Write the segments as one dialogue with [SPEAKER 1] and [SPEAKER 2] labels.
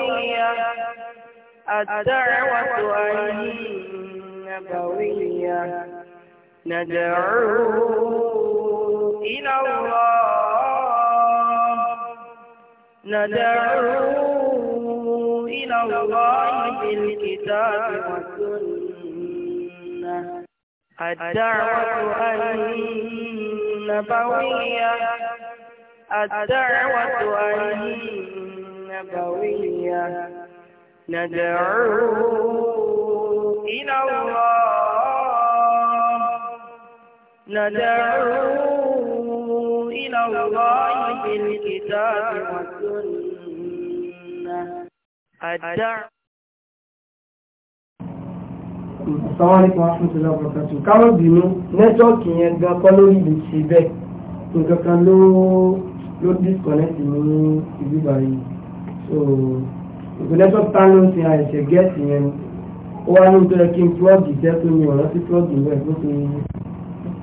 [SPEAKER 1] النبوية
[SPEAKER 2] الدعوة النبوية ندعوه إلى الله
[SPEAKER 1] ندعوه
[SPEAKER 2] إلى الله بالكتاب والسنة الدعوة النبوية الدعوة النبوية نبوية ندعو إلى الله ندعو إلى الله بالكتاب والسنة الدعوة sàwárìkọ̀ afúnṣẹ́lẹ̀ ọ̀pọ̀kàtù káwọn bínú nẹ́tọ́ọ̀kì yẹn gan kọ́ lórí lè ṣe bẹ́ẹ̀ nǹkan kan ló disconnect ní ìbíbà yìí so ìpínlẹ̀ tó ta ló ń ṣe àìṣe gẹ́ẹ̀sì yẹn ó wá ní ìtọ́jú kí n plọ́ọ̀gì jẹ́ tó ní ọ̀rọ̀ sí plọ́ọ̀gì rẹ̀ tó ti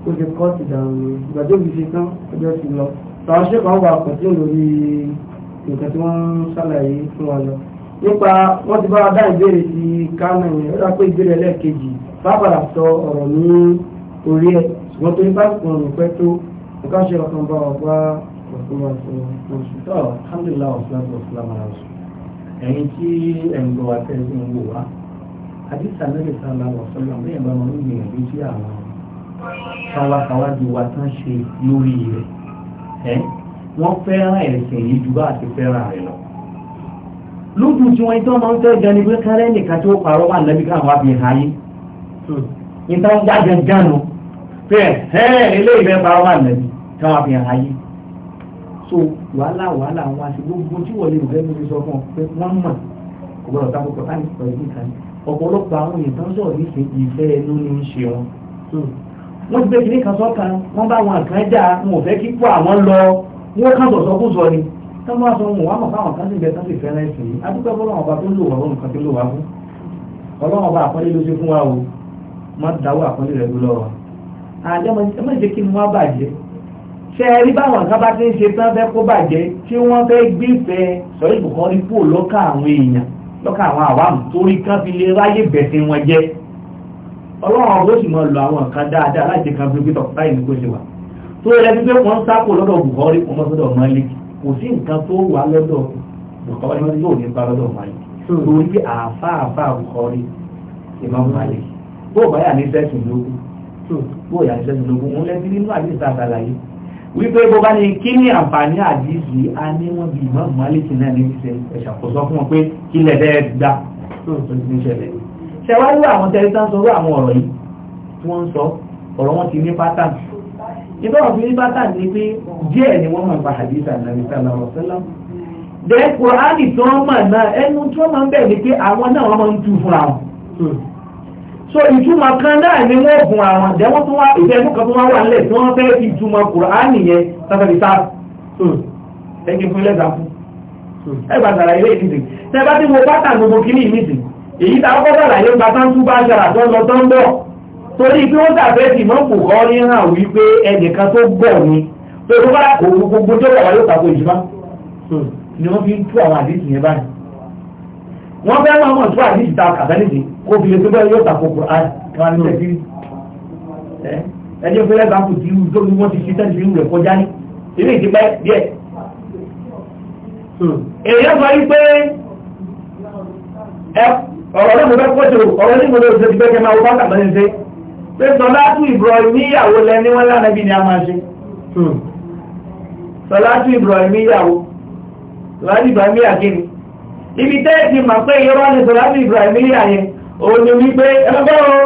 [SPEAKER 2] ó ti kọ́ ti dàrú ni ìgbà tó fi ṣe tán ọjọ́ ti lọ tàwọn ṣe kàn wà pọ̀ sí lórí nǹkan tí wọ́n ń ṣàlàyé fún wa lọ nípa wọ́n ti bá wa dá ìbéèrè ti kánà yẹn ó dà pé ìbéèrè ẹlẹ́ẹ̀kejì fábàlà sọ ọ̀rọ̀ ní orí ẹ̀ ṣùgbọ́n torí bá kùn ọ̀rùn pẹ́ tó nǹkan ṣe ọ̀kan bá wà wá ẹ̀yin tí ẹ̀ǹgbọ́ àtẹ̀sìn wò wá àdìsá lẹ́yìn sálà wọ̀sọ́lá lẹ́yìn bá wọn gbìyànjú tí àwọn káwákáwájú wa tán ṣe lórí rẹ̀ ẹ́ wọ́n fẹ́ràn ẹ̀sìn yìí ju bá àti fẹ́ràn rẹ̀ lọ. lójú tí wọ́n tán máa ń fẹ́ gan ni pé kárẹ́ nìkan tí ó parọ́ wà lẹ́bí káwọn àbí ayé níta ń gbá gangan nu ilé ìfẹ́ parọ́ wà lẹ́bí káwọn àbí ayé so wàhálà wàhálà àwọn àti gbogbo tí wọ́n lè rò lẹ́nu sọ fún ọ pé wọ́n mọ̀ kò gbọ́dọ̀ ta kókò láì sọ ìdí kan ọ̀pọ̀lọpọ̀ àwọn èèyàn tó ń sọ̀rọ̀ níṣe ìfẹ́ ẹnu ní í ṣe wọn. wọ́n ti gbé kinní kan sọ́kan wọ́n bá wọn kan dá wọn ò fẹ́ kí pọ̀ àwọn lọ wọ́n kàn sọ̀sọ́ kó sọ ni tọ́mọ sọ wọn wà mọ̀ fáwọn kan sì bẹ sáfì fẹ́rẹ́ sí i adúgbò ọlọ́run ọba tó lò wá wọn kan tó lò wá fún ọlọ́run ọba àpọ́nlé ló ṣe fún wa o má dáwọ́ àpọ́nlé rẹ̀ lọ́wọ́ àdé ẹ má ṣe kí ni wọ́n bàjẹ́ ṣe ẹ rí báwọn kan bá ti ń ṣe tán fẹ́ kó bàjẹ́ tí wọ́n fẹ́ gbífẹ̀ẹ́ sọ̀rọ̀ ìbùkọ́ rí pò lọ́kà àwọn èèyàn lọ́kà àwọn àwàmù torí kan fi lè ráyè bẹ̀sìn wọn jẹ́ ọlọ́run ọgbọ́n sì mọ lọ àwọn nǹkan dáadáa láti kan fi pítọ̀ báyìí ní kó ṣe wà tó yẹ pé wọ́n ń sápò lọ́dọ̀ Buhari kò mọ́sọ́dọ̀ Malik kò sí nǹkan tó wà lọ́dọ̀ Buhari wọ́n yóò ní sẹ́sìn lógún wípé bó bá ní kí ní àǹfààní àdìsí a ní wọ́n bí ìmọ̀ mọ́lẹ́kì náà ní ìṣe ìṣàkóso fún wọn pé kí lẹ̀ bẹ́ẹ̀ gbá lóòótọ́ ti ń ṣẹlẹ̀ ṣẹwájú àwọn tẹ̀lẹ́tà ń sọ̀rọ̀ àwọn ọ̀rọ̀ yìí tí wọ́n ń sọ ọ̀rọ̀ wọn ti ní pátán ìbá wọn fi ní pátán ni pé díẹ̀ ni wọ́n máa ń pa àdìsí ànàbí sálàmù sálàmù dẹ́ kùránì tí wọ́n ni pé àwọn náà wọ́n so ìtumọ̀ kan náà ni wọ́n gun àwọn àdẹ́wọ́n tó wá ìfẹ́ ẹ̀kọ́ kan tó wá wà nílẹ̀ tí wọ́n fẹ́ fi ìtumọ̀ kùránì yẹn sáfẹ́lì sáà ẹ̀kí fún ilẹ̀ ìdàkú ẹgbà sàlàyé ilé ìdìdì tẹ bá tí mo pátá gbogbo kìíní ìmìtì èyí tá ọkọ̀ sàlàyé gba tán tún bá ṣàrà tó lọ tó ń bọ̀ torí pé ó dàbẹ́ tì mọ́ kò kọ́ ní hàn wípé ẹnìkan tó gbọ̀ ni tó tó bá kò gbogbo tó wà wáyé òkàkó ìjìmá ni wọ́n fi ń tú àwọn àdéhùn yẹn báyìí wọ́n fẹ́ máa mọ̀ tó àdí ìta kàdánìdì kó fi lè tó bẹ́ẹ̀ yóò tako Qur'an wọn ní ẹbí ẹjẹ fẹlẹ bá kù tí tó ní wọn ti ṣiṣẹ́ ti rú rẹ kọjá ní ilé ìdíbẹ díẹ̀. èèyàn sọ yí pé ọ̀rọ̀ náà mo fẹ́ kọ́ṣe ọ̀rọ̀ ní mo lè ṣe ti bẹ́ẹ̀ kẹ́ máa wọ bá tàbí ṣe pé sọláàtù ìbùrọ̀ìmíyàwó lẹni wọn lánàá bí ni a máa ṣe sọláàtù ìbùrọ̀ìmíyàwó sọláàtù ìbùrọ̀ìmíyàwó ibi tẹ́ ti mà pé irọ́ ni sọ̀rọ̀bí Ibrahimiyya yẹn òun ni wípé ẹgbẹ́rún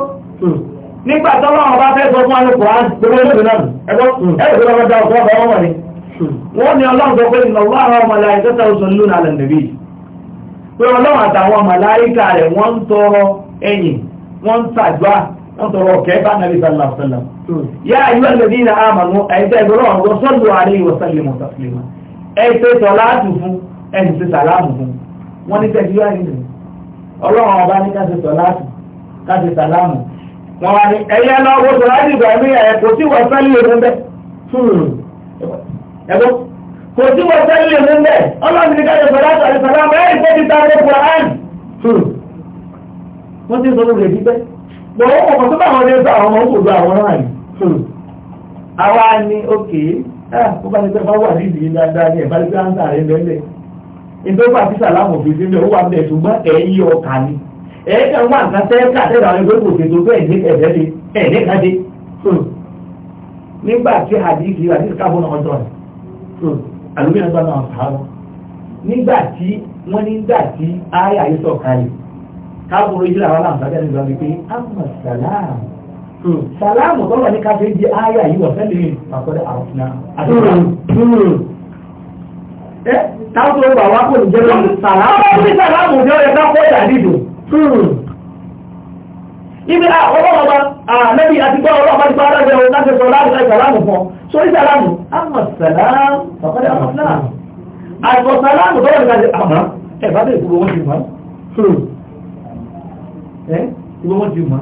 [SPEAKER 2] nígbà tọ́lọ́ ọba fẹ́ sọ fún alùpùpù án gbogbo ẹgbẹ́ náà ẹgbẹ́ ẹgbẹ́ ni wọ́n ni ọlọ́run sọ pé ìnáwó àwọn ọmọ láyé tẹ́tẹ́ oṣù nílùú náà lẹ́nu bí pé ọlọ́run àtàwọn màláíkà rẹ̀ wọ́n ń tọrọ ẹ̀yìn wọ́n ń tàjúà wọ́n tọrọ ọ̀kẹ́ bá nàbí sàlá sàlá yá ayú ẹlẹ́bí ní àmàlú ẹ̀ẹ́dẹ́ ìgbọ́lọ́ wọ́n ní tẹ̀síwá nínú ọlọ́run ọba ní ká sàlámù wọ́n wá ní ẹ̀yẹ lọ wo sọ̀láàtì ìgbà mí ẹ̀ kò tí wọ́n sẹ́lẹ̀ mú ẹ̀kọ́ hmm. kò tí wọ́n sẹ́lẹ̀ mú ọlọ́run ní ká ṣe sàlámù ìfẹ́ ti ta hmm. wọ́n ti sọ lórí tó bá wọn ìdókòwò àti sàlámù òfin sílẹ̀ ó wà ṣùgbọ́n ẹ̀ ọkà ni ẹ̀ẹ́dẹ̀ wà tẹ́ẹ̀kà tẹ́ẹ̀kà àwọn ìgbésò tó ní ẹ̀ẹ́dẹ́ ẹ̀ẹ́dẹ́ kan dé nígbà tí rẹ̀ gbọ́n náà sàárọ̀ nígbà tí wọ́n tí káàbùrú wípé àmọ̀ sàlámù sàlámù tọ́lọ̀ ní káfíńdì wọ̀ Eh, táwọn tó gbà wá kò ní jẹ́ lọ́nà sàlámù. àwọn ní sàlámù jẹ́ ọ̀rẹ́ ká kọ́ ìyàdí dùn. ibi ah, ọlọ́mọba àmẹ́bí ah, àti gbọ́ ọlọ́mọba ti pàrọ̀ ẹgbẹ́ òun láti sọ láti láti sàlámù fún ọ. sórí sàlámù àmọ̀ sàlámù ọ̀kọ́lẹ̀ àmọ̀ sàlámù. àìsàn sàlámù tó wọ́n ti kàdé àmọ́ ẹ̀ bá dé ìgbó wọn ti mọ̀ hmm. ẹ́ ìgbó wọn ti mọ̀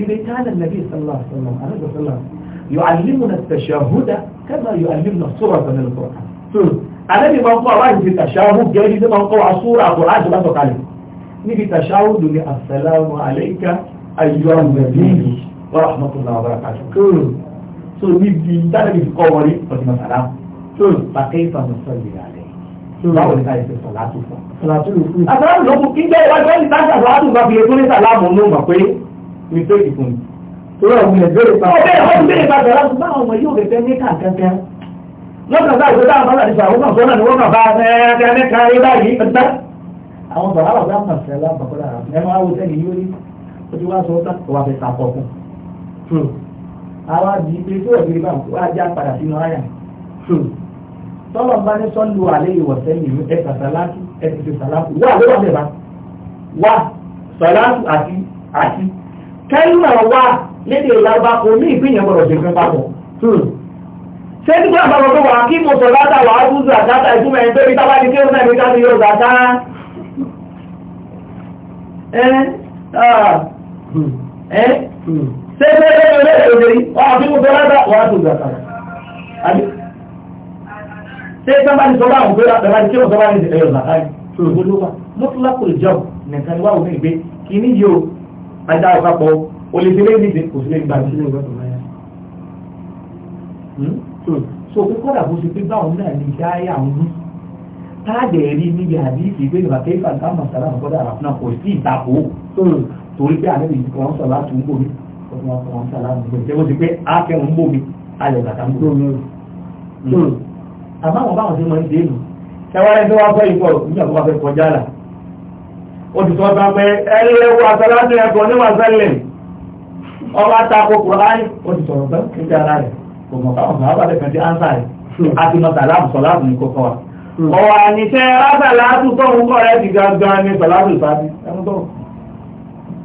[SPEAKER 2] ibi tá yu'allimuna at-tashahhuda kama yu'allimuna suratan min al-Qur'an àlẹ́bí máa ń kọ́ àwọn àìsí tàṣáhù gẹ́rí ló máa ń kọ́ wa súra àkùrá àti látọ̀ kalẹ̀ níbi tàṣáhù dùn ní assalamu alayka ayyuhan nabiy wa rahmatullahi wa barakatuh tó níbi dáadáa fi kọ́ wọn rí ọdún ọ̀sán láàmú tó bàtẹ́ ìfàmù sọ́ọ̀lì rẹ̀ báwo ni káyọ̀ ṣe sọ̀látù fún un. àtàlà lókun kí jẹ́ ìwájú ẹni tá torí àwọn ọmọ ìbéèrè pa. ọbẹ̀ àwọn ìbéèrè pa bẹ̀rẹ̀ láti báwọn ọmọ yóò fẹ́ ní kàǹkẹ́kẹ́. lọ́kàn sáà ìgbésẹ̀ àwọn bàbá àdìsá àwọn kan sọ́nà ni wọ́n kàn bá ẹ̀ẹ́dẹ́gbẹ́ kan rí báyìí pẹ̀tẹ́. àwọn bàbá bàbá kan fẹ́ lábàkọ́lá ẹ máa wo sẹ́yìn yóò rí ó ti wá sọ ọ́ sàkó wa fẹ́ sàkó fún. àwa di pé tó ọ̀gbìn bá wà já padà sínú àyà. tọ́lọ̀ bá ní sọ́lù alẹ́ ìwọ̀ sẹ́yìn ẹ sàlákù ẹ ti fi sàlákù wà ló wà bẹ̀ bá wà sàlákù àti àti kẹ́lí náà wà lédè ìlàgbà kò ní ìpínyẹ̀ gbọ́dọ̀ ṣe fún papọ̀. Hmm. ṣé nígbà àbábọ̀ tó wà kí mo sọ látà wà á dúdú àtàtà ìtumọ̀ ẹ̀ pé tábà ní kí náà ní káàdì yóò zàtà. ṣé ṣé ṣé ṣe ṣe ṣe wà á fi mo sọ látà wà á dúdú àtàtà. ṣé sábà ní sọ́bà àwọn pé àtàtà ní kí ó sọ́bà ní ẹ̀yọ̀ zàtà yìí. Hmm. mo tún lápò ìjọ nìkan ni wà wọ́n mi gbé kí ní yìí o o lè délé níbi kò sí lè gba ìṣẹ̀lẹ̀ ìgbàgbọ́ náà so pé kọ́dà bó ṣe pé báwọn náà ní iṣẹ́ ayé àwọn ní táàdẹ̀ rí níbi àdíìsì pé ìgbà kẹfà ní káàmà sàrà àwọn kọ́dà àrà náà kò sí ìtakò torí pé àlẹ́ ìdí kan sọ̀rọ̀ láti ń bomi ọdún wọn kan sàrà àwọn ìgbẹ́ bó ṣe pé ákẹ́rù ń bomi alẹ́ bàtà ń bomi. Hmm. Hmm. àmọ́ àwọn báwọn ṣe máa ń dé nù ṣẹ́wárẹ́ tó wá fẹ́ ikọ̀ nígbà tó wá fẹ́ kọjá là ó ti sọ ọba tako kùránì ó ti sọ̀rọ̀ pẹ́ níta ara rẹ̀ kò mọ̀ káwọn sọ̀rọ̀ bá lẹ́kàn sí ánsà rẹ̀ àti hmm. mọ̀ sàlámù sọ̀lámù ní kókó wa. Hmm. ọ̀wà àníṣe rásàlátù tóun kọ́ rẹ̀ ti gangan ní sọ̀lámù ìfàdí ẹnu tó.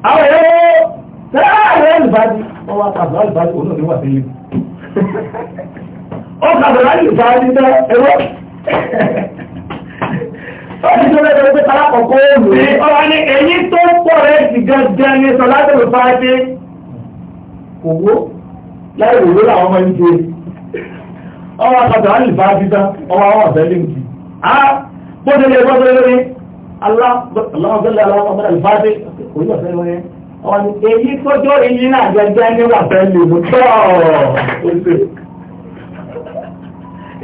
[SPEAKER 2] àwọn èèyàn sẹ́láàrẹ̀ ìfàdí ọwọ́ àtàkùn ìfàdí òun náà ní wà sílẹ̀. ó kàbọ̀lá ìfàdí tẹ ẹ̀rọ Ọdún tó lẹ́gbẹ̀ẹ́ pé owó láì wòwó làwọn ọmọ ìjẹ ọwọ́ akọ̀tà á lè bá títà ọwọ́ àwọn ọ̀fẹ́ lè mùtì á bóde lè bọ́dọ̀ lórí aláwọ̀gbẹ́lẹ̀ aláwọ̀gbẹ́lẹ̀ alifáàdé orí ọ̀fẹ́ lórí ọwọ́ ni èyí tọ́jọ́ èyí náà jẹjẹ ní wàfẹ́ lè mú tọ́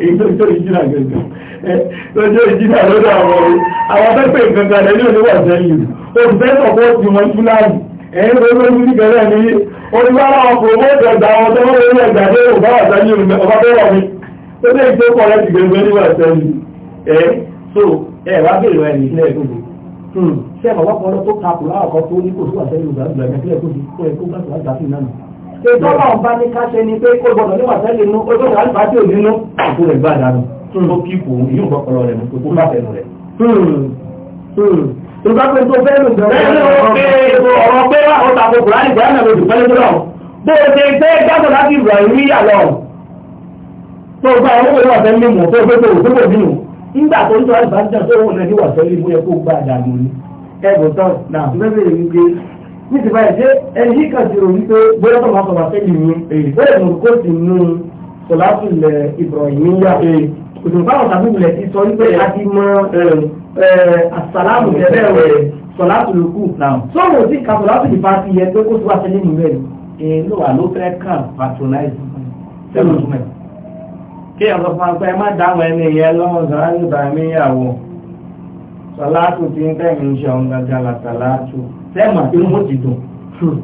[SPEAKER 2] èyí tọ́jọ́ èyí náà jẹjẹ tọ́jọ́ èyí náà lọ́dọ̀ àwọn ọ̀rọ̀ àwọn afẹ́fẹ́ ìgbẹ̀ngàn ẹ̀yìn tó ló ti gẹ̀rẹ́ ní oníbàárà ọkọ̀ owó ìjọba àwọn tó ló rí ẹ̀gbà tó rò bá àtàlẹ́ ọba tó rọ̀ mi tó dé ìgbé kọ̀ rẹ̀ ti gẹ̀rẹ́ níwà sẹ́yìn ẹ̀ so ẹ̀ wá bèèrè wá ẹ̀yìn sílẹ̀ hmm, tó bù ṣé ẹ̀ bàbá kan tó takò láàkọ́ tó ní kò sí wà sẹ́yìn ìgbà ìgbà ìgbà tó ti kó ẹ̀kọ́ gbàgbà gbàgbà náà ìjọba ọba ni pé kó gbọdọ̀ ní wàtẹ́lẹ̀ inú ó gbọdọ̀ àlùbá tí ò nínú àpò rẹ̀ gbá dànù tó kí kò yóò gbọ́kọ̀lọ́ rẹ̀ mú kó bá fẹ́ ìgbàgbé tó fẹ́ lò bẹ̀rẹ̀ ọ̀rọ̀ pé wà ó tako kùránì kùránì ló ti pẹ́lẹ́ tó lọ bó o ṣe gbé gbàgbọ́ láti ìgbà ìrí àlọ́ tó gba àwọn owó ìwàfẹ́ mímu tó gbé tó òkú kò nínú nígbà tó ń tọ́ àti bàjẹ́ tó wọ́n lẹ́ni wà sọ́lé ìmúyẹ kó gba àdàmú ni ẹ̀bùn tán náà mẹ́fẹ̀ẹ́ yìí gbé ní ti báyìí ṣé ẹni yìí kàn ti rò wípé bóyá tó máa sọ̀rọ̀ sẹ́yìn yìí ó lè mú kó sì òṣùpá àwọn tàbí ìwúlẹ̀ ti sọ wípé a ti mọ asàlámù tẹ́lẹ̀ rẹ̀ sọ̀látù lókù sọ̀rọ̀ sí ká sọ̀látù lè bá ti yẹ pé kó tó wá tẹ́lẹ̀ nù rẹ̀ ló wà ló fẹ́ kàn patronize sẹ́nu tó mẹ́. kí ẹ̀ sọ fún wa pé ẹ má dáhùn ẹni yẹn lọ́wọ́ sọ̀rọ̀ nígbà mí yàwó sọ̀látù ti ń tẹ̀mí iṣẹ́ ọ̀ngàgà làtàlátù sẹ́mà tí mo ti dùn. Hmm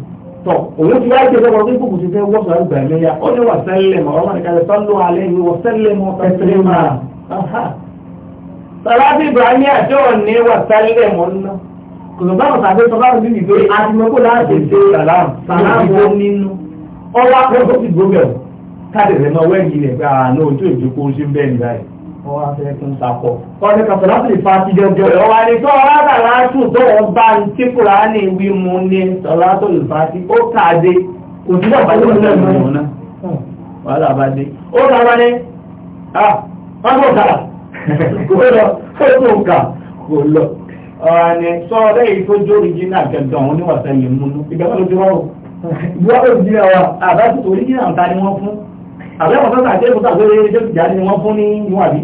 [SPEAKER 2] tọ òun ti wá jẹ lọ́wọ́ pé kókò ti fẹ́ wọ́sọ̀ àgbà ẹ̀mẹ́yà ó ní wà sẹ́lẹ̀ mọ̀ ọmọ nìkan sọ́lọ́ alẹ́ yìí wọ́n sẹ́lẹ̀ mọ́ pẹ́tẹ́rẹ́ máa sàlábì ibrahim àti òní wà sẹ́lẹ̀ mọ́ ná kòtò báwọn sàbẹ̀ sọ báwọn bíbí pé láti ṣe sàlámù tó nínú ọwọ́ akọ́kọ́ ti gbóbẹ̀ káàdì rẹ̀ mọ́ wẹ́ẹ̀gì rẹ̀ pé àná ojú ìjókòó ṣe ń bẹ́ẹ̀ ní báyìí wọ́n wá fẹ́ tún takọ̀. wọ́n ní kàfọ́ láti lè fa ti jẹjọ ẹ̀ wọ́n wá ní tó ọ̀rá àtàlà tù tó wọ́n bá ń tí kúrò á ní ìwí mu ní sọ̀rọ̀ tó lè fa ti ó kà á dé kò sí bàbá yóò lè mú un náà wàhálà bá dé. ó kà wá ní wọ́n tó kà kò lọ ó tó kà kò lọ. ọ̀rọ̀ ni sọ̀rọ̀ èyí tó jó original gẹ̀gẹ̀ òun níwàsá yìí mú un ìgbà tó ti wọ́n o. original ta ni wọ́n fún àbẹ́wọ̀n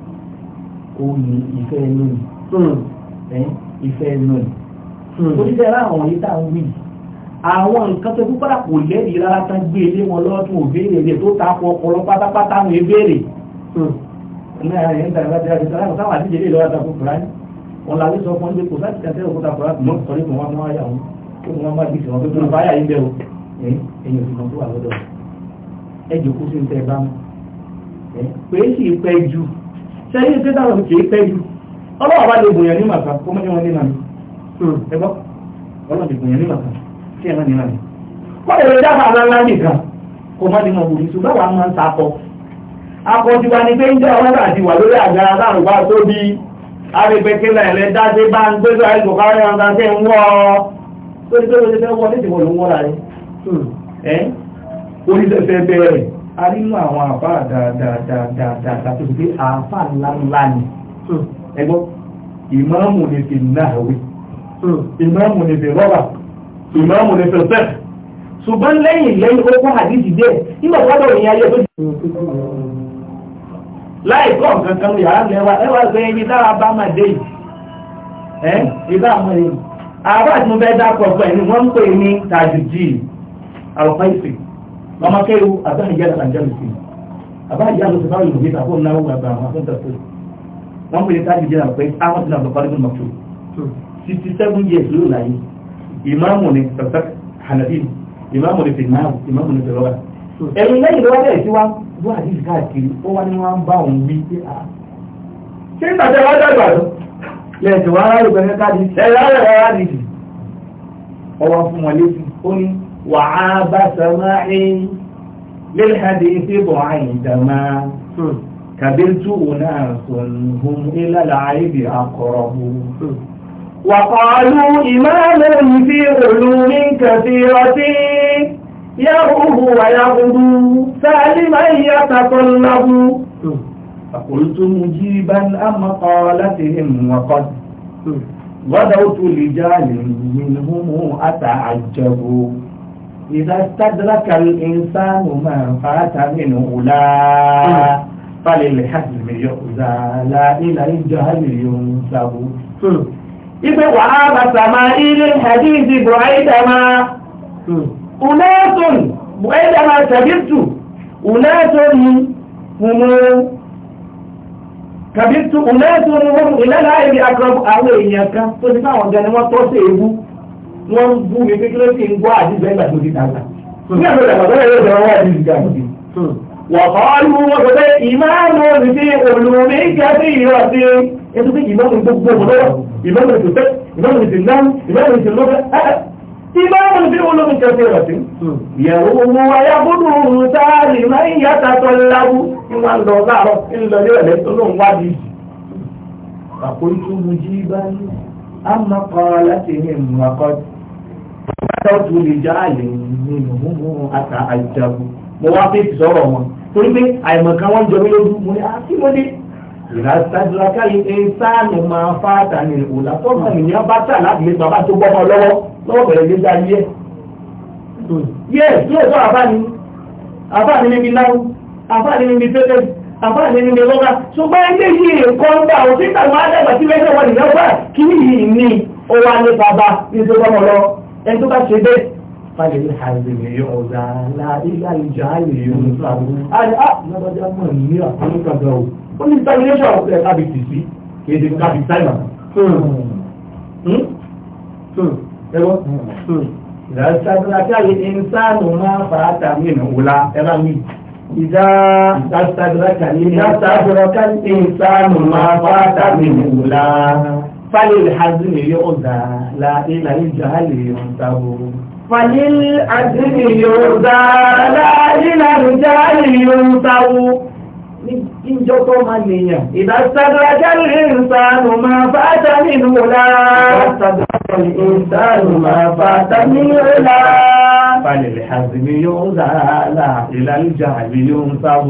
[SPEAKER 2] òye ìfẹ́ ẹnu ni hmm. ìfẹ́ ẹnu ni. oníṣẹ́ hmm. láwọn yìí tá à ń wí àwọn nǹkan tó kúkọ́dà kò lẹ́rìí rárá tán gbé ilé wọn lọ́dún òbéèrè rẹ̀ tó ta kọ ọpọlọ pátápátá àwọn ìbéèrè. Hmm. náà ẹ̀ ń tàbí àti àti táwọn àti ìdílé lọ́wọ́ àtàkùn kùránì wọn làwọn sọ fún ọdún kò sáà ti kàtẹ́ òkúta kùránì mọ́ sọ nípa wọn máa yà wọn kó wọn máa gbèsè wọn pé kí wọn bá yà yín bẹ́ẹ̀ o ẹ̀yìn òsì kan tó wà lọ́dọ̀ ẹ̀ jòkó sí ní tẹ́ ẹ bá mọ́ pé sì pẹ́ ju sẹ́yìn tí dáhùn kì í pẹ́ ọlọ́wọ́ bá lè ní màkà kó mọ́jọ́ wọn ní nàní hmm. ẹgbọ́ ọlọ́wọ́ lè bòyàn ní màkà kí náà ní nàní. dábàá aláńlá nìkan má ní mọ̀ máa ń ta akọ. akọ ti wa ni pé ń jẹ́ àti wà lórí àga aláàrùn tó bí dáṣe bá ń gbé a nínú àwọn àbá dáadáadáadáa tó gbé àáfà ńláńlá ni ẹgbọ́ ìmáàmù ní fi náàwé ìmáàmù ní fi rọ́bà ìmáàmù ní fi sẹ́ẹ̀ ṣùgbọ́n lẹ́yìn lẹ́yìn ó kó àdíjì dé nígbà tó wọ́n ìyá ayé tó jù láì kọ́ nǹkan kan yàrá lẹ́wà ẹwà ṣe ibi tára bá máa dé yìí ẹ́ ibà mọ́ yìí àbá àti mo fẹ́ dákọ̀ pẹ̀lú wọ́n ń pè ní tàjùjì àrùfáìsì mama kayu abahiyya al-andalusi ko na wa ba ma sun tafsir wọn kò lè ká jìjìnà pé ahmad bin abdul qadir maktoum sixty seven years ló la yìí ìmáàmù ni sàtàk hanabi ìmáàmù ni fìnnáàmù ìmáàmù ni fìlọ́wà ẹ̀rù lẹ́yìn lọ́wọ́ bẹ̀rẹ̀ sí wa a. Ah. وعاب سماع للحديث بعيدما كبرت أناس هم إلى العيب أقرب وقالوا إمام في علوم كثيرة يروه ويغدو سالما يتطلب فقلت مجيبا أم قالتهم وقد غدوت لجال منهم أتعجبوا. إذا استدرك الإنسان من فات منه لا فللحزم يؤذى لا إلى الجهل ينسب إذا وعاب سمائل الحديث بعيدما أناس بعيدما كبرت أناس هم كبرت أناس هم إلى لا يبي أقرب أو إياك تجمع وجنة وطوس إبو wọ́n ń bú mi kékeré sí ń gbọ́ àdìsí ẹgbà tó ti dàgbà. Ní àgbẹ̀ dàgbà tó yẹ kó wọ́n àdìsí ìjà òbí. Wọ̀kọ́lù wọ́n sọ pé ìmáàmù mi sí olùmí kí á sí ìrọ̀ sí ètò pé ìmáàmù tó gbogbo lọ́wọ́ ìmáàmù tó tẹ́ ìmáàmù tó náà ìmáàmù tó lọ́fẹ́ ìmáàmù sí olùmí kí á sí ìrọ̀ sí. Yẹ̀wò owó ayábúdù sáàrì máa ń yàtà tó lábú ìwà ń lọ láàárọ̀ ńlọ ìrọ̀lẹ́ tó lóun wádìí. Àkójú mu jí báyìí, á máa kọ́ láti ní ìmọ̀ tọ́jú lè já àlè nínú àtà àjàgùn mo wá pé sọ̀rọ̀ wọn torí pé àìmọ̀kan wọn jọ mí lójú mo ní àkímọ́dé ìrásádúráká ìsáàmì máa fá àtàní ìrìnà tó mọ̀ nìyẹn bá tà láti lè bàbá tó gbọ́mọ lọ́wọ́ lọ́wọ́ bẹ̀rẹ̀ lé dá yẹ. yẹ yóò sọ àbáni àbáni níbi náà àbáni níbi pépé àbáni níbi lọ́gà ṣùgbọ́n ẹgbẹ́ yìí èkó ń gbà òsì tàwọn adẹ́gbàsí lẹ́sẹ̀ wọn nìyẹn wà ẹni tó bá ṣe bẹ́ẹ̀ fàlẹ́ ní àzìlẹ̀ yọ ọ̀gá láìlá ìjà àlè yọ nípa àwọn àlè á lọ́dọ́jà mọ̀ ní àkókò kàgbà o ó ní determination of ẹ̀ kábi tì sí èdè kábi táìmà ẹ̀rọ ìdásítàdúrátì àyè ìnsánù máa fà á tà mí nù Ìdá ìdásítàdúrátì àyè ìnsánù máa fà á tà falil hazmi yọ̀ọ̀dà la ilà ìjàhálì yọ̀ọ̀dà o. falil hazmi yọ̀ọ̀dà la ilà ìjàhálì yọ̀ọ̀dà o. Ìjọ tó máa nìyàn. Ìdásádọ́ ajá lè ń sànù máa bá ajá nínú wọlá. Ìdásádọ́ الإنسان ما فات من علا فللحزم يغزى لا إلى الجهل ينسب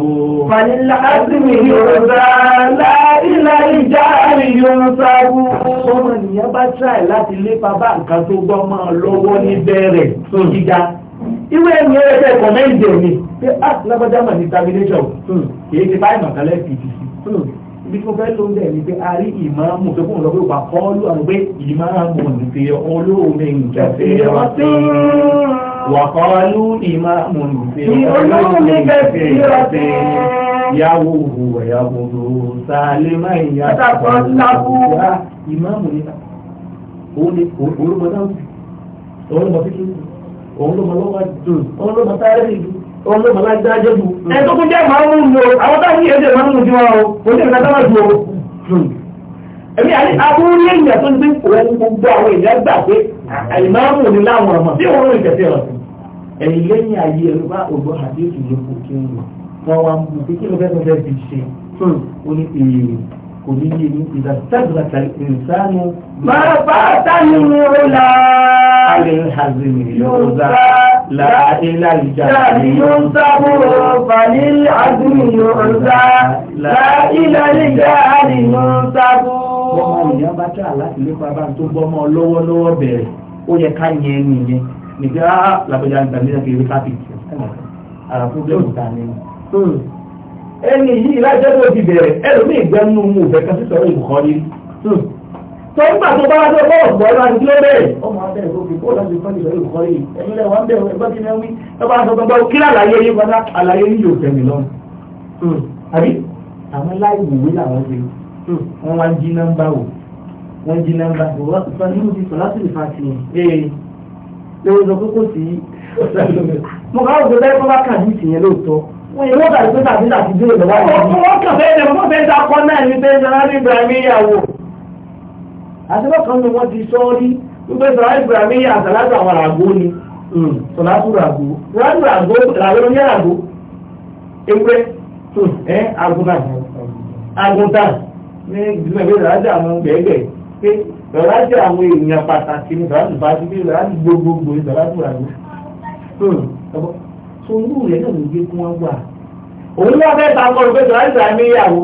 [SPEAKER 2] فللحزم يغزى لا إلى الجهل ينسب ọmọ ènìyàn bá tíráì láti lépa bá nǹkan tó gbọ́ mọ́ lọ́wọ́ ní bẹ̀rẹ̀ tó gíga ìwé ẹ̀mí ẹ̀rẹ́dẹ̀ kọ̀mẹ́ǹdì ẹ̀mí pé áàtì lágbájá mọ̀ ní termination kì í ti báyìí mọ̀kálẹ́ pdc ibi tó fẹ́ ló ń bẹ̀ ní pé a rí ìmáàmù tó kún lọ́pẹ́ òpá kọ́ọ̀lù àwọn pé ìmáàmù nìfẹ́ olóòmè ìjàfẹ́ wàkọ́ọ̀lù ìmáàmù nìfẹ́ olóòmè ìjàfẹ́ yàwó òhù ẹ̀yàwó sàlẹ́mà ìyàtọ̀ ìmáàmù nìfẹ́ òun ló mọ lọ́wọ́ dùn òun ló mọ sáré ìlú wọn ló bàbá gbá jẹ́bù ẹni tó kún jẹ́ máa mú lò àwọn tó ní ẹjẹ́ máa mú jù wọn o kò ní ìrìnàjò máa jù o èmi àti aburú ní ènìyàn tó ń gbé òun gbogbo àwọn ènìyàn gbà pé àìmáàmù ní láwọn ọmọ tí òun rìn kẹsẹ̀ rẹ̀ ẹ̀yìn lẹ́yìn ayé ẹ̀rọ bá ògbó àdéhùn ló kó kí ń wọ̀ wọ́n wá mú pé kí ló fẹ́ tó fẹ́ fi ṣe ó ní èèrè kò ní yé ní ìdá sábàtà ìsánú. máa bá sani ní ọ̀la. alẹ́ hazimi yorùbá láàdínlá ìjà. láàdí yóò sábúrò fani hazimi yorùbá láàdínlá ìjà ni yóò sábú. bọ́mọ ènìyàn bá tẹ́ àláti lépa bá ń tó bọ́mọ lọ́wọ́lọ́wọ́ bẹ̀rẹ̀ ó yẹ ká yẹn nìyẹn nìgbà làbẹ̀yà ìgbàlejò kiri káfíńtì. Hmm. àràfù bẹ́ẹ̀ ò ta ni. Hmm ẹni yìí lájẹ́ tó ti bẹ̀rẹ̀ ẹlòmí ìgbẹ́nu mu òfẹ́ kan sísọ̀rọ̀ ìbùkọ́lí hmm. tó ń gbà tó bá wájú ọgbọ́n ọ̀gbọ́n ẹ̀rọ àti kíló bẹ́ẹ̀ ọmọ abẹ́rẹ́ tó fi kó láti fẹ́ ìbẹ̀rẹ̀ ìbùkọ́lí ẹ̀mí lẹ́wọ̀n ń bẹ̀rẹ̀ ẹgbẹ́ tí wọ́n wí ẹ bá sọ gbọ́dọ̀ kí àlàyé yìí padà àlàyé yìí yóò tẹ̀mí lọ. Hmm. àbí àwọn láìwòwe làwọn ṣe hmm. wọ́n wá ń jí nọ́mbà wò wọ́n jí nọ́mbà wò sọ nínú ti sọ láti ìfà sí i. lóòótọ́ kókó sí i mo ká òṣèlú ẹ̀kọ́ bá kà ní ìsìn yẹn lóòótọ́ wọ́n kà sí tàbí tàbí dúró lọ́wọ́ yìí. wọ́n kà fẹ́ ẹ̀ mọ́ fẹ́ dakọ́ náà ní pé sàrádì ibrahim yàwó. àtẹ́wọ́kan ni wọ́n ti sọ ọ́ rí wípé sàrádì ibrahim yà sàlátù àwọn àgbo ni hmm, sàlátù ràgó sàlátù ràgó làwọn oníyà ràgó ewúrẹ́ ẹ agúnà agúntà ní ìdílé pé sàlátù àwọn gbẹ̀gbẹ̀ pé sàlátù àwọn èèyàn pàtàkì ni sàlátù bá ti pé sàlátù gbogbogbò ni sàlátù ràgó. Hmm, tó irú rẹ̀ náà ló gbé kí wọ́n wà. òun náà fẹ́ ta kọ́ ìgbésọ̀ láti ra ìyàwó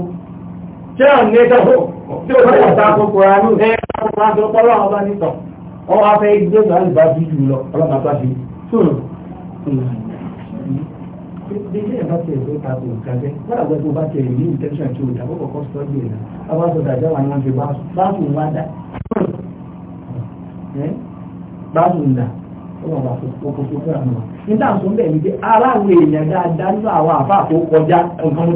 [SPEAKER 2] tí ò ní tó tí ò ní ọ̀tá kókó ra ní ìfẹ́ ọ̀tá tó pọ́lọ́ àwọn bá nítọ̀ wọ́n wá fẹ́ gbésọ̀ láti bá bí jù lọ ọlọ́pàá bá fi tó ilé ẹ̀ bá tẹ̀ ta kò ká jẹ́ wọ́n àgbẹ̀ tó bá tẹ̀ ẹ̀ ní ọlọ́run bá fi kókó tó fẹ́ràn mọ́ nígbà tó ń bẹ̀ ní pé aráàlú èèyàn dáadáa nínú àwọn àfa àpò kọjá nǹkan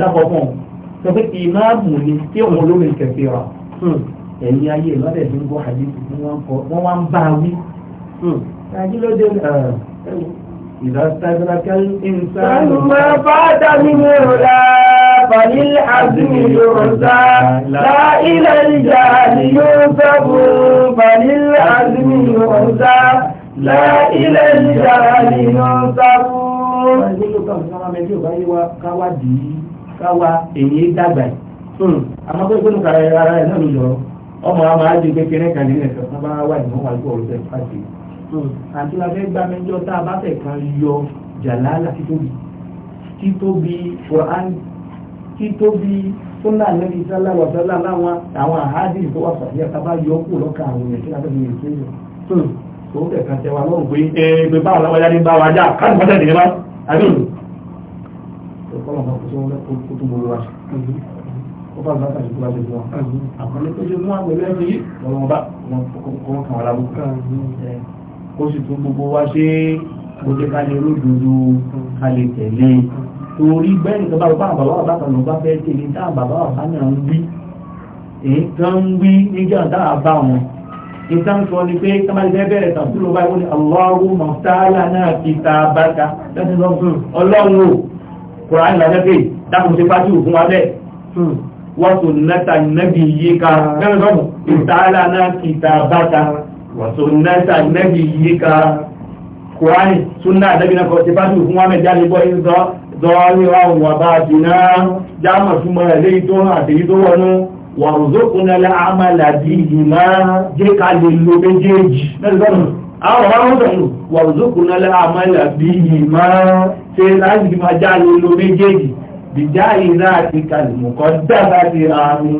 [SPEAKER 2] mú ni tí òun olómi kẹfì rà ẹ̀yìn ayé ń gbọ́ láìlẹ̀ ìjà ni yóò sọ́kù balil azmi yóò dá. لا إلى الجهل منصرون. ọ̀rẹ́ ló ọmọ ẹgbẹ́ òbáyé wa káwá dì káwá èyí dàgbà àmọ́ pé ara ẹ̀ náà ló ọmọ àwọn àjò kékeré kan nínú ẹ̀sán sábà wà ní wọn wà lóko ọ̀rọ̀ àti la fẹ́ gbá mẹ́jọ tá a bá kan yọ jàlálà títóbi títóbi Quran títóbi súnà láwọn àwọn àhádìí tó wà yọ kúrò tó bẹ̀ kan tẹwa lọ́rùn pé ẹgbẹ́ báwọn lọ́wọ́ yáde bá wa já káàdì pátá ìdílé bá àbí òní. ọlọ́run bá kó tó wọlé kó tó mọ̀lú wa ṣe kó bá bàtà ìdílé wa ṣe fún wa àkọlé tó ṣe mú àgbẹ̀lẹ́ ẹni yìí lọ́wọ́ bá kó kàn wá lábú kó sì tún gbogbo wa ṣe kó jẹ́ ká lè ródòdó ká tẹ̀lé torí gbẹ́ni tó bá bá bàbá wa bá kan fẹ́ tẹ̀lé tá bàbá wa bá náà ń wí èyí tó ń wí níjà tá wọn nǹkan sọ ni pé kámálẹ̀ bẹ̀rẹ̀ tàbí ló báyìí ó ní Allahu mọ̀tálà náà ti ta bàtà lẹ́sìn lọ fún ọlọ́run o kùránì lọ́jọ́ pé dákun ṣe fájú òfin wa bẹ́ẹ̀ hmm. wọ́n tó nẹ́ta nẹ́bí yìí ká lẹ́sìn lọ́mù ìtàlà náà ti ta bàtà wọ́n tó nẹ́ta nẹ́bí yìí ká kùránì súnà nẹ́bí náà kọ́ ṣe fájú òfin wa mẹ́jà lè bọ́ ìzọ́ zọ́ọ́rí wàrùzókùnà láàmàlà bí ìmá jẹ́ ká lè lo méjèèjì àwọn ọmọ sọ̀rọ̀ wàrùzókùnà láàmàlà bí ìmá ṣe láti fi máa já lè lo méjèèjì bìjá ìrá àti kàlùmùkọ́ dára ti àmì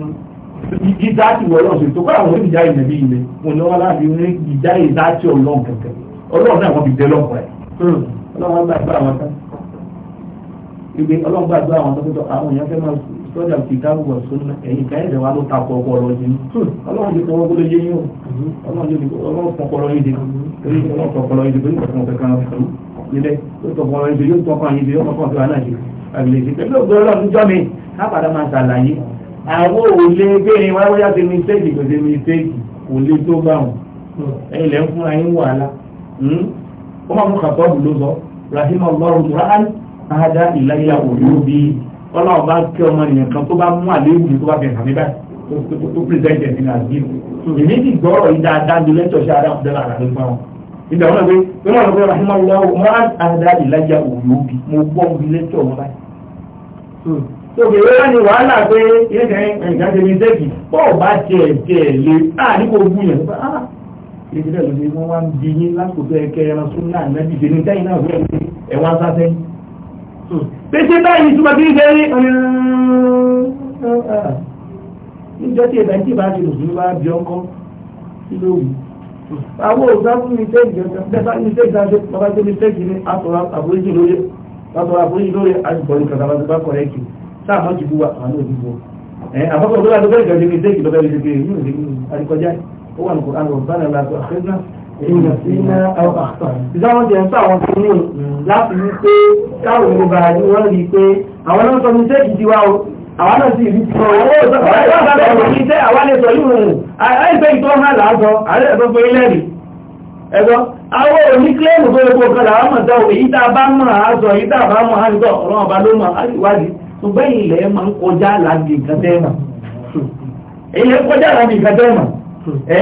[SPEAKER 2] ìdá ti wọ̀lọ́ sí tó kọ́ àwọn oníjà ìnàbí ilẹ̀ lọ́jà kìtàbù wà sunna ẹ̀yìn kan ẹ̀jẹ̀ wa ló ta kọ ọpọlọ yìí hmm. ọlọ́run ti fọwọ́ gbọ́dọ̀ yé yín o ọlọ́run fọ ọpọlọ yìí dé torí ọlọ́run fọ ọpọlọ yìí dé torí ọ̀sán ọ̀fẹ́ kan ọ̀sán nílẹ̀ yóò tọ ọpọlọ yìí dé yóò tọ ọkàn yìí dé yóò kọ́kọ́ ọ̀sán náà ṣe àgbèlè ṣe pẹ̀lú ọgbọ́n ọlọ́run jọ́ mi á padà máa ṣàlàyé àwọn òlé gbẹ̀yìn wáyé wáyá ti mistake kò ti mistake òlé tó bá wọn ẹ̀yìn lẹ́ ń fúnra yín wàhálà ó mú kàtọ́ọ̀bù ló sọ rahim allah rahman ahada ìlàyà òyòbí ọlọ́run bá kí ọmọ nìyẹn kan tó bá mú àléébù tó bá bẹ̀rẹ̀ àmì báyìí tó pírẹsẹ̀ntì ẹ̀sìn àdìyẹ èmi ti gbọ́rọ̀ yìí dáadáa ju lẹ́tọ̀ sí adáhùn dọ́là àrà nípa wọn ìgbà wọn pé wọn lọ pé rahim allah mọ àdá ìlàjà òyò bi mo gbọ́ bi lẹ́tọ̀ wọn báyìí. tó bèrè wọn ni wàhálà pé ilé kan ẹ̀ka ṣe mi sẹ́kì bọ́ọ̀ bá tiẹ̀ tiẹ̀ lé àní kò gún yẹn nípa ah ilé tí lẹ́yìn ló ṣe wọ́n wá ń bí yín lásìkò tó ẹ̀kẹ́ ẹran sún náà nẹ́bí ṣe ní pèsè báyìí túnbà bí ìgbé rí níjọ́ tí ìbá tí ìbá ti lò fún wa bí ọkọ kí ló wù àwọn òògùn fún mi tẹ́ẹ̀gì ọ̀sán bẹ́ẹ̀ ní tẹ́ẹ̀gì náà bàbá tó ní tẹ́ẹ̀gì ní àtọ̀rọ̀ àforíjì lórí àtọ̀rọ̀ àforíjì lórí àtìbọ̀lì kàtà bá ti bá kọ̀ ẹ̀kì sáà mọ́ ti bú wa àwọn òbí bú ọ. àbọ̀kọ̀ tó bá tó bẹ́ẹ̀ gàdé mi tẹ́ẹ̀gì lọ́bẹ̀ẹ́ ìjáwọ́n jẹ́ ń sọ àwọn tó ní láti rí pé káwọn ìlú bàrà wọ́n rí pé àwọn náà sọ ní sẹ́ẹ̀kì ti o àwọn náà sì rí owó ní sẹ́ àwọn tó lè kó làwọn a bá mọ̀ a bá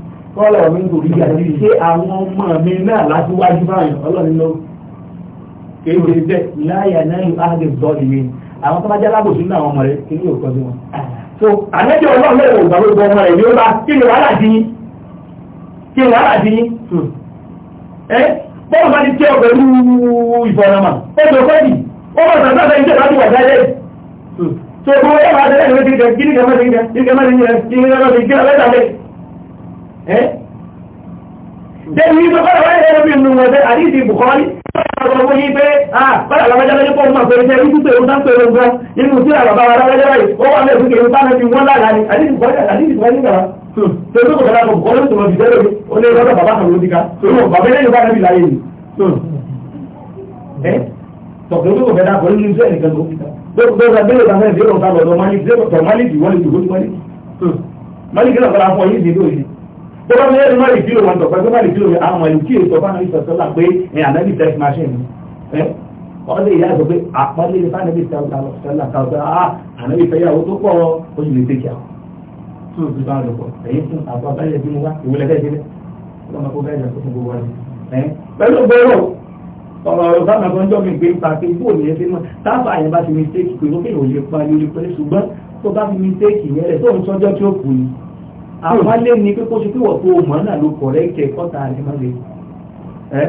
[SPEAKER 2] kọ́lọ̀ mi kò rí àti ṣé àwọn ọmọ mi náà láti wájú báyìí ọlọ́run lọ kéde bẹ́ẹ̀ láyà náà yóò áhàdè bọ́ọ̀lù mi àwọn tó bá jẹ́ alábòsí náà ọmọ rẹ̀ kí ni yóò kọjú wọn. so àlejò ọlọ́run lè wò gbàgbé gbọ́ ọmọ rẹ̀ ní ó bá kí ni wàhálà dín kí ni wàhálà dín ẹ bọ́ọ̀lù bá ti jẹ́ pẹ̀lú ìfọ̀nàmà ó jọ fẹ́ẹ̀dì ó bá sàn sáfẹ́ ìjọba ti wà jáde so gbogbo ẹ̀ máa tẹ̀lé ìrẹsì débi wípé kọ́lá wáyé ẹ̀rọ bí nínú ẹgbẹ́ àdídì Bukhari ọ̀pọ̀lọpọ̀ ní pé kọ́lá lọ́gbẹ́jáde pọ̀ máa pèrè tẹ́ ìdúgbò èrò náà pèrè nǹkan nínú tí àwọn bàbá lọ́gbẹ́jáde ó wà mẹ́rin kìí bá mẹ́rin wọ́n lára ní àdídì Bukhari àdídì Bukhari nígbà tó tó kọ̀ọ̀lá kọ̀ Bukhari tó lọ jùlọ lórí ó lé lọ́dọ̀ bàbá kan lórí ká tó lọ bàbá lẹ́yìn bá rẹ̀ bí láyé ni tọ̀pẹ́ tó kọ̀ọ̀lá kọ̀ nínú iṣẹ́ nìkan tó gbogbo ìgbàgbélé ìgbàgbélé ìgbàgbélé ìgbàgbélé ìgbàgbélé ìgbàgbélé ìgbàgbélé ìgbàgbélé ìgbàgbélé ìgbàgbélé tó bá mẹ́rin má lè kílò wọn tọ̀pẹ́ tó bá lè kílò wọn àwọn ìlú kí èso fáwọn ìṣọ̀ sọ́lá pé ní ànábì tẹ́sí máa ṣe ní wọ́n lè yá sọ pé àpọ́nlé ní fánábì sọ́lá káwọ́ ànábì fẹ́ yàwó tó pọ̀ ó sì lè tẹ́kì àwọn tó o ti bá lọ pọ̀ ẹ̀yìn fún àbọ̀ abáyé bí mo wá ìwúlẹ̀ bẹ́ẹ̀ délẹ̀ ọlọ́mọ kó bẹ́ẹ̀ yàtọ̀ fún gbogbo wa pẹ̀lú gbòòrò ọ̀rọ̀ ọ̀rọ̀ bá màgbọ́n jọ́ mi gbé ń pa pé bóò ní ẹsẹ̀ náà táàbà yẹn bá ti mistake pé ó kéèyàn ò lè pa ní orí pẹ̀lú ṣùgbọ́n tó bá fi mistake yẹn rẹ̀ tó ń sọ́jọ́ tí ó kù ni àwọn lé ní pé kó ṣe pé wọ́n tó mọ̀ náà ló kọ̀rẹ́ kẹ kọ́ta àdìmọ́lẹ̀ ẹ́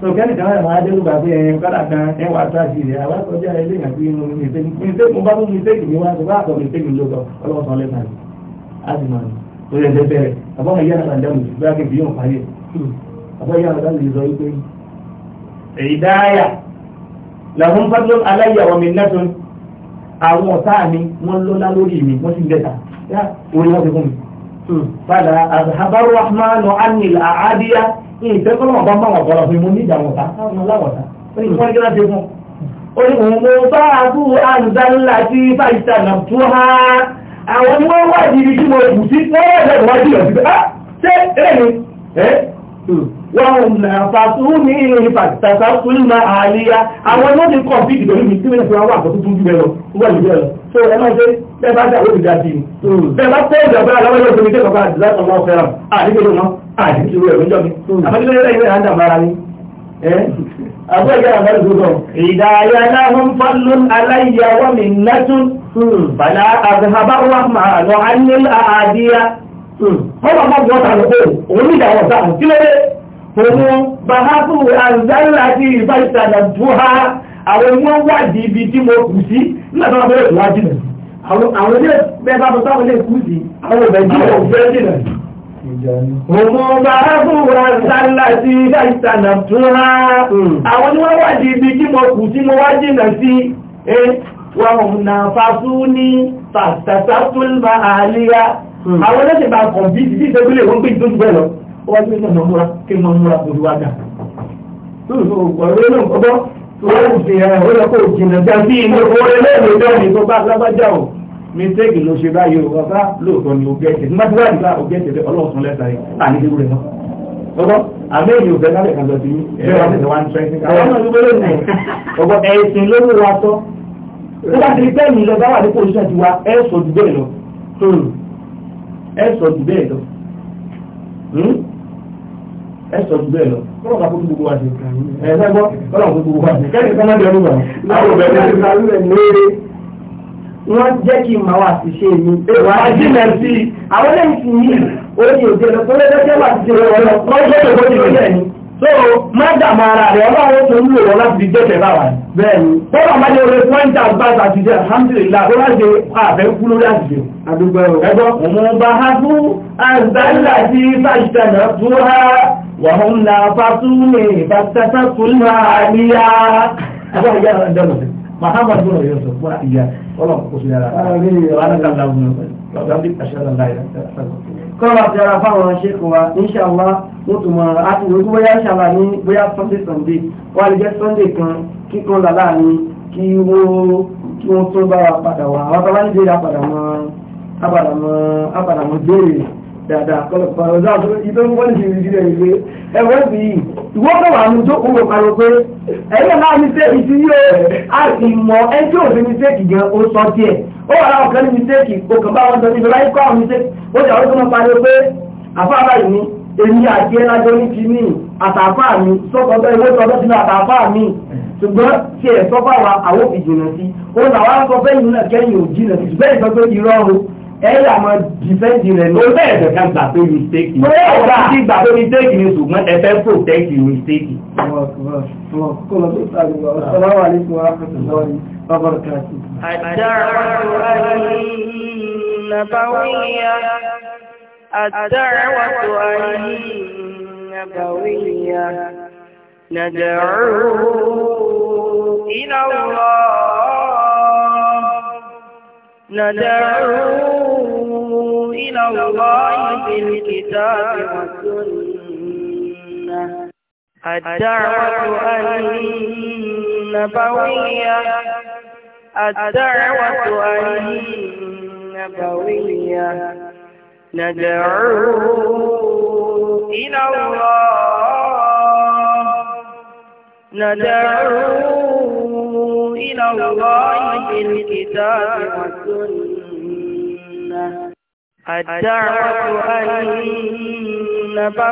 [SPEAKER 2] sọ kẹ́lì kan láti máa dẹ́rù bàbá ẹ̀yìn kọ́dà kan ẹwà sáàsì rẹ̀ àbákọ́jà ẹlẹ́yìn àti inú mi ṣe mi ṣe mo bá mú mi ṣe mi wá sọ́kọ́ àtọ̀ mi ṣe mi lọ́dọ̀ ọlọ́sàn lẹ́sàn mi á sì mọ̀ tó yẹ lẹ́bẹ̀rẹ̀ àbọ̀mọ̀ yára máa dẹ́mu sí bá kébì yóò parí ẹ̀ àbọ̀ yára máa dẹ́mu sọ wípé ìdáyà àwọn ọ̀tá mi wọ́n lọ́lá lórí mi wọ́n sì ń bẹ̀ta orí wọn ti fún mi. Hmm. padà àbárò rahmanu anil àádìyá ìfẹ́ kọ́nà ọ̀bá máa wà bọ̀rọ̀ fún mi ní ìjà wọ̀ta àwọn aláwọ̀ta ó ní wọ́n ní kí wọ́n ti fún un òmùmù bá àbú àǹzálà tí fàìsà nà tó ha àwọn ni wọ́n wá ìdíbi tí mo kù sí wọ́n wá ìdíbi wájú rẹ̀ ṣé ẹ̀rẹ́ mi hmm wọ́n fàtúhùn ní ìfàtàkùn ma àríyá àwọn ló ní kọ̀ fíìdì pẹ̀lú ìgbìmọ̀ ìgbìmọ̀ ìgbìmọ̀ àwọn àkọ́tún tún jù mẹ́lọ wọ́n lè bẹ̀rẹ̀ so ẹ máa ṣe bẹ́ẹ̀ bá dà lórí dájú ni bẹ́ẹ̀ bá tẹ́ ìjọba aláwọ̀lẹ́ òṣèlú tẹ́ kọ̀ọ̀kan àti láti ọmọ ọ̀fẹ́ ràn àdígbèrè wọn àdígbèrè ẹ̀rọ ìjọ mi àbájúlẹ̀ ilẹ̀ àdà mara ni àbúrò ìjà àbá ìgbòkọ̀ ìdáyà náà ń fọ́lún aláìyàwó mi nẹ́tún bàlá àbúhábáwá máa lọ á nílò àdíyá. wọ́n bá bá bọ́ ta lọ́kọ́ òun ní ìdáwọ̀ sáà kí ló dé òun bàbáfù àrùdáìlà àti ìbáṣìtàdà búhá àwọn wọn wádìí ibi tí mo kù sí nígbà tó wọn bẹ̀rẹ̀ ìwádìí rẹ̀ àwọn ilé bẹ́ẹ̀ bá bọ́ sáwọn ilé kù sí àwọn ọ̀bẹ̀ jí wọn fẹ́ jìnà òun bàbáfù àrùdáìlà àti ìbáṣìtàdà búhá àwọn ni wọn wádìí ibi tí mo kù sí mo wá jìnà sí wọn nà fású ní fàtàtàtúlmà àlíyá àwọn ẹlẹ́sìn bá kọ̀m̀pì ó wá sí ọmọ múra kí n máa múra kò wá dà. lóòótọ́ ọ̀rẹ́ náà ọgbọ́ tó wá ń fi ẹran ó yẹ kó jìnnà já sí inú orin náà ló dá ní tó bá lábájá o mistake ló ṣe báyìí o bàbá lóòótọ́ ni o gẹ̀ẹ́sì nígbà tí wàá nígbà o gẹ̀ẹ́sì bẹ́ẹ̀ ọlọ́run sún lẹ́sà yìí àní kéwú rẹ̀ náà. ọgbọ́ àmì èyí ò fẹ́ lálẹ́ kan lọ sí yín ẹ̀rọ àti ìwà ń tẹ́ ọgbọ́ ẹ̀sìn ló ń wa sọ tó bá ti rí bẹ́ẹ̀ ni lọ bá wà ní pòlíṣà ti wa ẹ̀ sọ jù bẹ́ẹ̀ lọ hmm. ẹ̀ sọ jù bẹ́ẹ̀ lọ ẹ sọ ju bẹ́ẹ̀ lọ kọlọ ka fún gbogbo wa ṣe ẹ ẹ gbọ́ kọlọ fún gbogbo wa ṣe kẹ́ni sọ́nà bẹ́ẹ̀ ló wà. láwọn ọ̀bẹ ní ìsàlù ẹ̀ lóore wọ́n jẹ́ kí n máa wà sí ṣe mi. wà á jí mẹ́ sí i. àwọn lẹ́yìn sì ní orí òde lọ kọ́lé lọ́sẹ̀ wà sí ṣe wọ́n lọ kọ́lé tó kọ́lé tó yẹ ni. so má dààmú ara rẹ̀ ọlọ́run tó ń lò wọ́n láti fi jẹ́kẹ̀ bá wa. bẹ́ẹ̀ni tọ́lá máa ní orí pọ́ńtà bá a ti jẹ́ alhamdulilayi ó máa ṣe àfẹ́ kú lórí àṣìṣe. àdúgbò ẹ̀rọ. ẹ̀gbọ́n mo bá a fún àǹtálà sí fàṣítà náà tó há وهم نافسوني فاستفدت المعالية أبو حجاء الدرس محمد بن يوسف وإياه والله قصي على وأنا كان له من أشهد أن لا إله إلا الله kọ́lá ti ara fáwọn ṣékùn wa inṣàlá wọ́n tún mọ̀ àti ìwé bóyá ṣàlá ní bóyá sunday sunday wọ́n á lè jẹ́ sunday kan kíkan là láàrin kí wọ́n tún bá wa padà wá àwọn tó bá ń gbé apàdà dáadáa kọ́lọ̀ pàrọ̀dá tó ìtọ́ wọ́n ṣe rí rẹ̀ ìwé ẹ̀wọ́n bí i ìwọ́n kọ̀ wà ní jókòó wò parọ́ pé ẹ̀yẹ́ máa ní sẹ́ẹ̀kì tí yóò á sì mọ ẹjọ́ òfin ní sẹ́ẹ̀kì gan ó sọ díẹ̀ ó wà láwọn kan ní ní sẹ́ẹ̀kì okàn bá wọn sọ ní ìfẹ́láyé kọ́ àwọn sẹ́ẹ̀kì ó jà wọ́n tó máa parọ́ pé àfáàbá ìní èmi àti ẹlájọ́ ní ti ní àtàfáà mi sọ́kọ̀ bẹ́ẹ̀ wọ́n tọ́ sínú àtàfáà mi ṣùgbọ́n tí ẹ̀ sọ́fà wa àwọn òfin jìnà sí ó làwọn sọ bẹ́ẹ̀ yìí náà kẹ́yìn ò jìnà sí ṣùgbọ́n ìsọ pé irọ́ o ẹ̀rọ àmọ́ dìfẹ́ǹdì rẹ̀ ló bẹ́ẹ̀ ẹ̀sẹ̀ kan gbà pé mistake ni ọ̀gá àti gbà pé mistake ni ṣùgbọ́n ẹ fẹ́ protect your mistake. الدعوة النبوية ندعو إلى الله ندعو إلى الله في الكتاب والسنة الدعوة النبوية الدعوة النبوية ندعو إلى الله ندعو إلى الله في الكتاب والسنة الدعوة أن نبوء